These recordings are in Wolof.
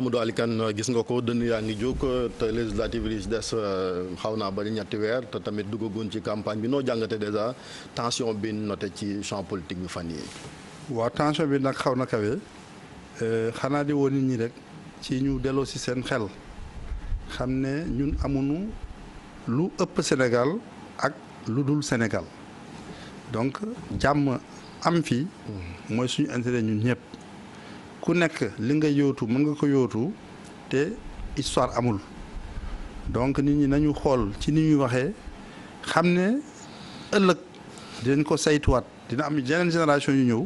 Amadou Ali Kane euh, gis nga ko dënn yaa ngi jóg euh, te législative li euh, xaw naa bari ñetti weer te tamit duggagoon ci campagne bi noo jàngate déjà tension bi noté ci champ politique bi fan yi waa tension bi nag xaw na kawe xanaa di woon nit ñi rek ci ñu delloo si seen xel xam ne ñun amuñu lu ëpp Sénégal ak lu dul Sénégal donc jàmm am fi mm. mooy suñu intérêt ñun ñëpp. ku nekk li nga yóotu mën nga ko yootu te histoire amul donc nit ñi nañu xool ci ni ñuy waxee xam ne ëllëg dinañ ko saytuwaat dina am yeneen génération yu ñëw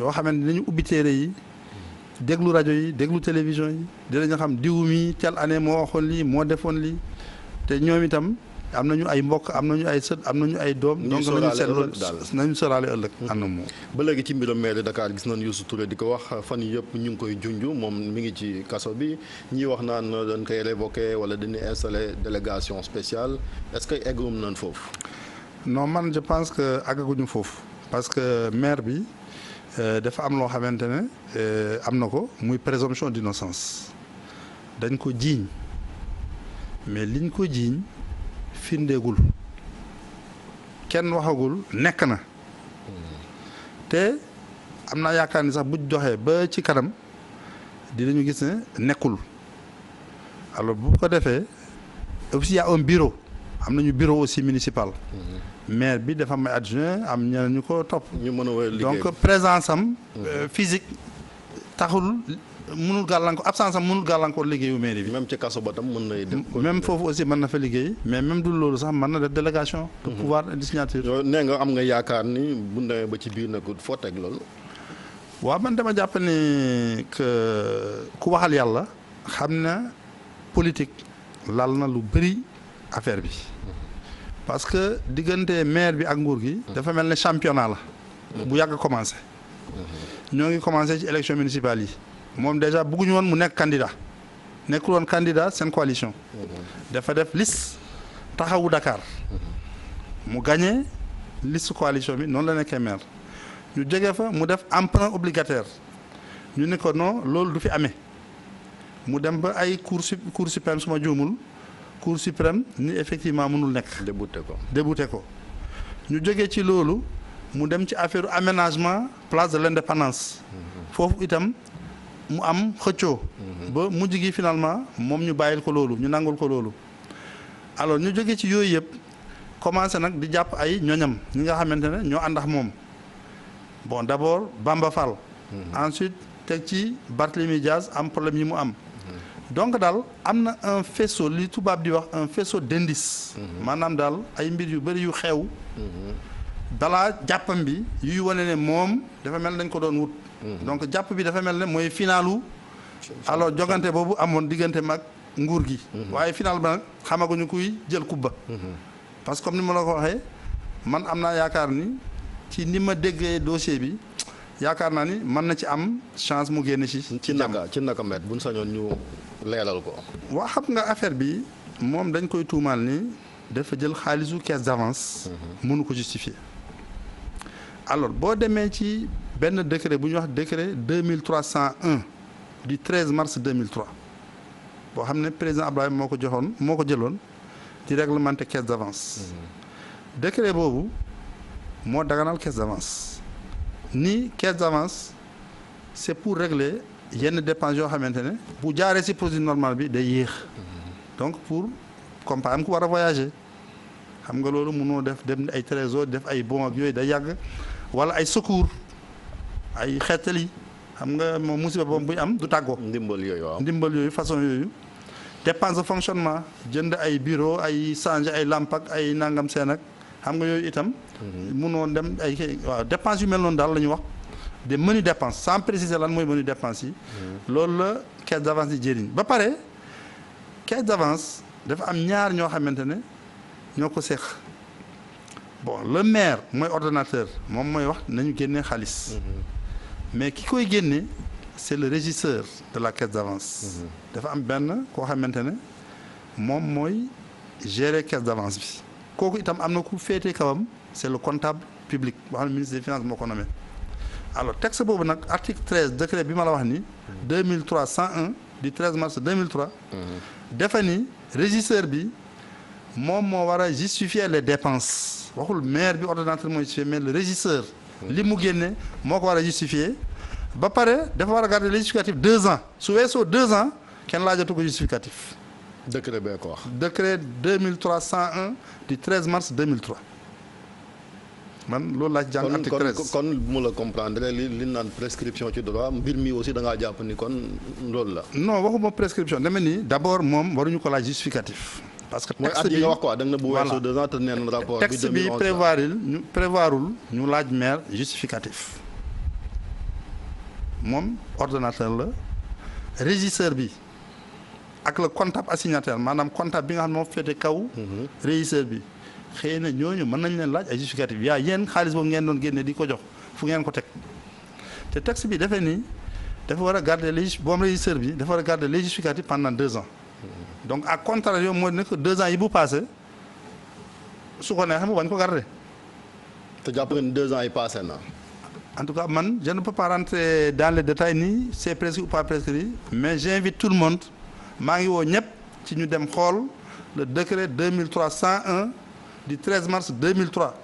yoo xam ne dinañu ubbi téere yi déglu rajo yi déglu télévision yi dinañu xam diw mi cal année moo waxoon lii moo defoon lii te ñoom itam. am nañu ay mbokk am nañu ay sët am nañu ay doom. donc nañu seet loolu nañu soraale ëllëg hmm. ana moom. ba léegi ci mbirum maire Dakar gis nu Youssou Touré di ko wax fan yii yëpp ñu ngi koy junj moom mi ngi ci kaso bi ñuy wax naan dañ koy révoqué wala dañuy installé délégation spéciale est-ce que eggum nañ foofu. non man je pense que àggaguñu foofu parce que maire bi euh, dafa am loo xamante ne euh, am na ko muy présomption d'innocence dañ ko jiiñ mais liñ ko jiiñ. findeegul kenn waxagul nekk na te am na yaakaar ni sax bu doxee ba ci kanam dinañu gis ne nekkul alors bu ko defee aussi y a un bureau am nañu bureau aussi municipal. Mm-hmm. maire bi dafa may adjoint am ñeneen ñu ko topp. ñu mën a donc présence am. Euh, physique taxul. mënul gàllankoor absence am mënul gàllankoor liggéeyu mairie bi. même ci kaso ba tam mën na def même foofu aussi mën na fa liggéey. mais même du loolu sax mën na def délégation. de mhm. pouvoir et signature. yooyu nee nga am nga yaakaar ni bu ndawee ba ci biir nag foo teg loolu. man dama jàpp ni que ku waxal yàlla xam na politique lal na lu bëri affaire bi parce que diggante maire bi ak nguur gi. Mhm. dafa mel ne championnat la. Mhm. bu yàgg commencé. ñoo ngi commencé ci élection municipale yi. moom déjà bëgguñu woon mu nekk candidat nekkul woon candidat seen coalition. dafa def liste taxawu Dakar mu gagné liste coalition bi noonu la nekkee maire ñu jógee fa mu def en emprunt obligataire ñu ne ko non loolu du fi amee mu dem ba ay cour su cour suprême suma juumul cour suprême ni effectivement mënul nekk. débouté ko débouté ko ñu jógee ci loolu mu dem ci affaire aménagement place de l'indépendance mhm. foofu itam. mu am xëccoo. Mhm. ba mujj gi finalement moom ñu bàyyil ko loolu ñu nangul ko loolu. alors ñu jóge ci yooyu yëpp commencé nag di jàpp ay ñoñam ñi nga xamante ne ñoo ànd ak moom bon d'abord Bamba Fall. Mhm. ensuite teg ci Barthélemy Diaz am problème yi mu am. Mhm. donc daal am na un faisceau li tubaab di wax un faisceau d'indices. maanaam daal ay mbir yu bari yu xew. balaa jàppam bi yuy wane ne moom dafa mel dañ ko doon wut. Mhm. donc jàpp bi dafa mel ne mooy finalu. alors jogante boobu amoon diggante mag nguur gi. Mhm. waaye final ba nag xamaguñu kuy jël kubba. Mhm. parce que comme ni ma la ko waxee man am naa yaakaar ni ci ni ma déggee dossier bi yaakaar naa ni mën na ci am chance mu génn ci. ci naka ci naka met buñ sañoon ñu leeral ko. waa xam nga affaire bi moom dañ koy tuumaal ni dafa jël xaalisu caisse d'avance. mënu ko justifier. alors boo demee ci benn décret bu ñuy wax décret 2301 du 13 mars 2003 boo xam ne président Abdoulaye moo ko joxoon moo ko jëloon di réglementer caisse avance mmh. décret boobu moo daganal caisse d'avance ni caisse d'avance c'est pour régler yenn dépenses yoo xamante ne bu jaaree ci procédure normale bi day yéex mmh. donc pour comme par exemple ku war a voyager xam nga loolu mënoo def dem ay trésor def ay bon ak yooyu day yàgg wala ay secours ay xeetali xam nga moom musiba boobu buy am du tàggoo. ndimbal yooyu waaw ndimbal yooyu façon yooyu. dépense de fonctionnement jënd ay bureau ay changer ay lamp ay nangam seen ak xam nga yooyu itam. Mhm. mënoo dem ay waaw dépense yu mel noonu daal la ñu wax. de menus dépense sans préciser lan mooy menu dépense yi. Mhm. loolu la caisse d'avance di jëriñ ba pare caisse d'avance dafa am ñaar ñoo xamante ne. ñoo ko seex bo le maire mooy ordinateur moom mooy wax nañu génne xaalis mm-hmm. mais ki koy génne c'est le régisseur de la caisse d'avance mm-hmm. dafa am benn koo xamante ne moom mooy gérer caisse d'avance bi kooku itam am na ku féete kawam c'est le comptable public boo xam ne ministre des finances moo ko nommé alors texte boobu nag article 13 décret bi ma la wax ni 2003 101 du 13 mars 2003 mm-hmm. dafa ni régisseur bi moom moo war a justifier les dépenses waxul maire bi ordonnateur mooy justifier mais le régisseur li mu génne moo ko war a justifier ba pare dafa war a garder le justificatif deux ans su weesoo deux ans kenn laajatu ko justificatif décret bee ko wax décret 2301 du 13 mars 2003 man loolu laa ci jàng article 13 kon mu la comprendre li li naan prescription ci droit mbir mi aussi dangaa ngaa jàpp ni kon loolu la non waxuma prescription deme ni d'abord moom waruñu ko laaj justificatif parce que texte bi mooy at yi nga wax quoi bu weesoo deux ans te neen rapport bi prévoirul ñu prévoirul ñu laaj maire justificatif moom ordinateur la régisteur bi ak le comptable assignataire maanaam comptable bi nga xam ne moo féete kaw. Mhm. régisseur bi xëy na ñooñu mën nañ leen laaj ay justificatif yaa yéen xaalis boobu ngeen doon génne di ko jox fu ngeen ko teg te texte bi defee nii dafa war a garder les boom régisseur bi dafa war a garder les justificatifs pendant deux ans. donc à contrario mooy ne que deux ans yi bu passé su ko neexee mu bañ ko garder. te jàpp ngeen deux ans yi passé na. en tout cas man je ne peux pas rentrer dans les détails ni c'est prescrit ou pas prescrit mais j'invite tout le monde maa ngi woo ñëpp ci ñu dem xool le décret 2301 du 13 mars 2003.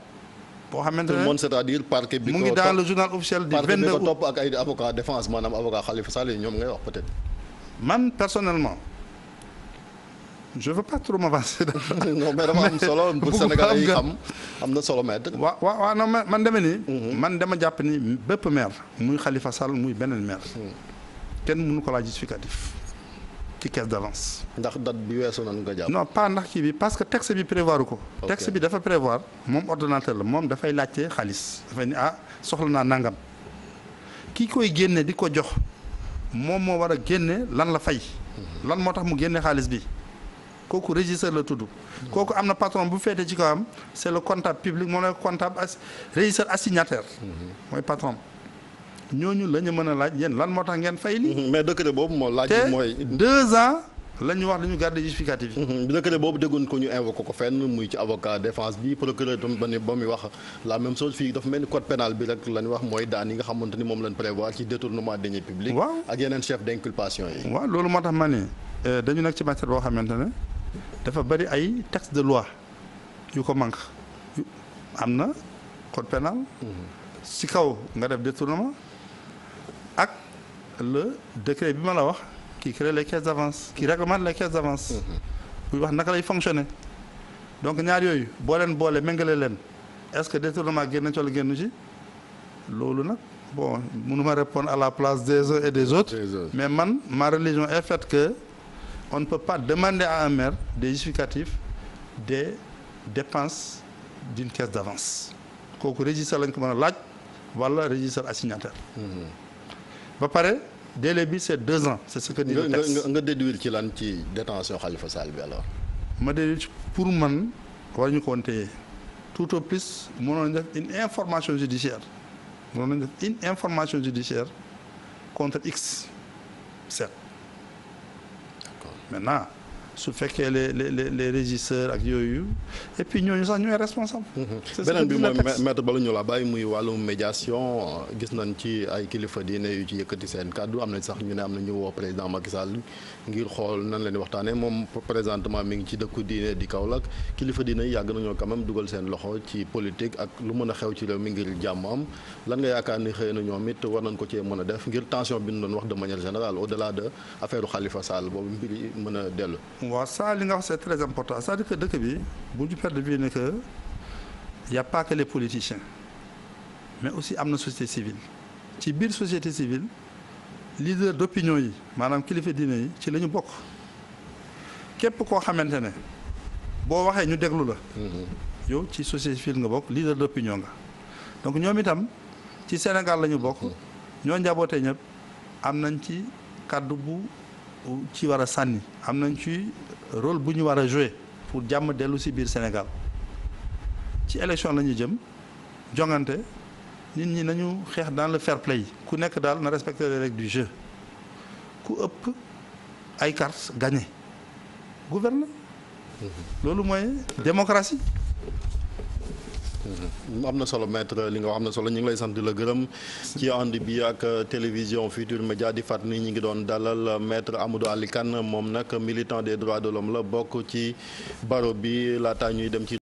boo xamante ne tout le monde cest à mu ngi dans le journal officiel du 22 août man personnellement. je veux pas trop m'avancer non mais xam na solo maître waaw man deme nii mhm. man dama jàpp ni bépp maire muy Khalifa Sall muy beneen maire mhm. kenn mënu ko laa justificatif ci caisse d'avance ndax date bi weesu nan nga jàpp non pas ndax kii bi parce que texte bi prévoir ko texte bi dafa prévoir moom ordinateur la moom dafay laajte xaalis dafay ni ah soxla naa nangam ki koy génne di ko jox moom moo war a génne lan la fay mhm. lan moo tax mu génne xaalis bi kooku régisseur la tudd kooku am na patron bu féete ci kawam c'est le comptable public moom la comptable as régisseur assignataire mhm. mooy patron ñooñu la ñu mën a laaj yéen lan moo tax ngeen fay lii. mais décret boobu moo laaj. mooy deux ans la wax dañu garder justificatif yi. Mhm. décret boobu déggoon ko ñu invoqué ko fenn muy ci avocat défense bi procureur tam ba ni ba muy wax la même chose fii dafa mel ni code pénal bi rek la wax mooy daan yi nga xamante ni moom eh, xamante ne. dafa bari ay texte de loi yu ko manque am na code pénal mhm. si kaw nga def détournement ak le décret bi ma la wax qui crée les caisses d'avance qui réglemente les caisses d'avance mhm. buy wax naka lay fonctionner donc ñaar yooyu boo leen boole méngale leen est-ce que détournement génn ci walla génn ci loolu nag bon mënuma répondre à la place des uns et des autres mais man ma religion est que on ne peut pas demander à un maire des justificatifs des dépenses d'une caisse d'avance kooku registre lañ ko mën a laaj wala registre assignataire hmm. ba pare délai bi c'est deux ans c'est ce que dit le texte nga déduire ci lan ci détention Khalifa Sall bi alors ma déduire ci pour man war ñu ko woon tout au plus mënoon def une information judiciaire mënoon def une information judiciaire contre X certes Maintenant, su fekkee les les les régisseurs ak yooyu et ñooñu sax ñooy responsable. Mm-hmm. c'est beneen bi mooy maître bala ñu la bàyyi muy wàllu médiation gis nañ ci ay kilifa diine yu ci yëkkati seen kàddu am na sax ñu ne am na ñu woo président Macky Sall ngir xool nan leen waxtaanee moom présentement mi ngi ci dëkku diine di Kaolack kilifa diine yàgg nañoo quand dugal seen loxo ci politique ak lu mën a xew ci réew mi ngir jàmm am lan nga yaakaar ni xëy na ñoo it war nañ ko cee mën a def ngir tension bi ñu doon wax de manière générale au delà de affaire Sall boobu mbir yi mën a dellu. Hmm. waaw saa li nga wax c'est très important cest à dëkk bi bu ñu perdre bi ne que y a pas mais aussi am na société civile ci biir société civile leader d'opinion yi maanaam kilifa diine yi ci la ñu bokk képp koo xamante ne boo waxee ñu déglu la mm-hmm. yow ci société civile nga bokk leader d'opinion nga donc ñoom itam ci Sénégal la ñu bokk mm-hmm. ñoo njabootee ñëpp am nañ ci kàddu bu ci war a sànni am nañ ci rôle bu ñu war a jouer pour jàmm dellu si biir Sénégal ci élection la jëm jongante nit ñi nañu xeex dans le fair play ku nekk daal na respecter les règles du jeu ku ëpp ay cartes gagné gouverner mhm. loolu mooy démocratie Mm-hmm. am na solo metre li nga wax am na solo ñu ngi lay sant di la gërëm ci ànd bi ak euh, télévision Futur Média di fàttali ni ñu ngi doon dalal euh, maître Amadou Aly moom nag militant des droits de l'homme la bokk ci baro bi laataa ñuy dem ci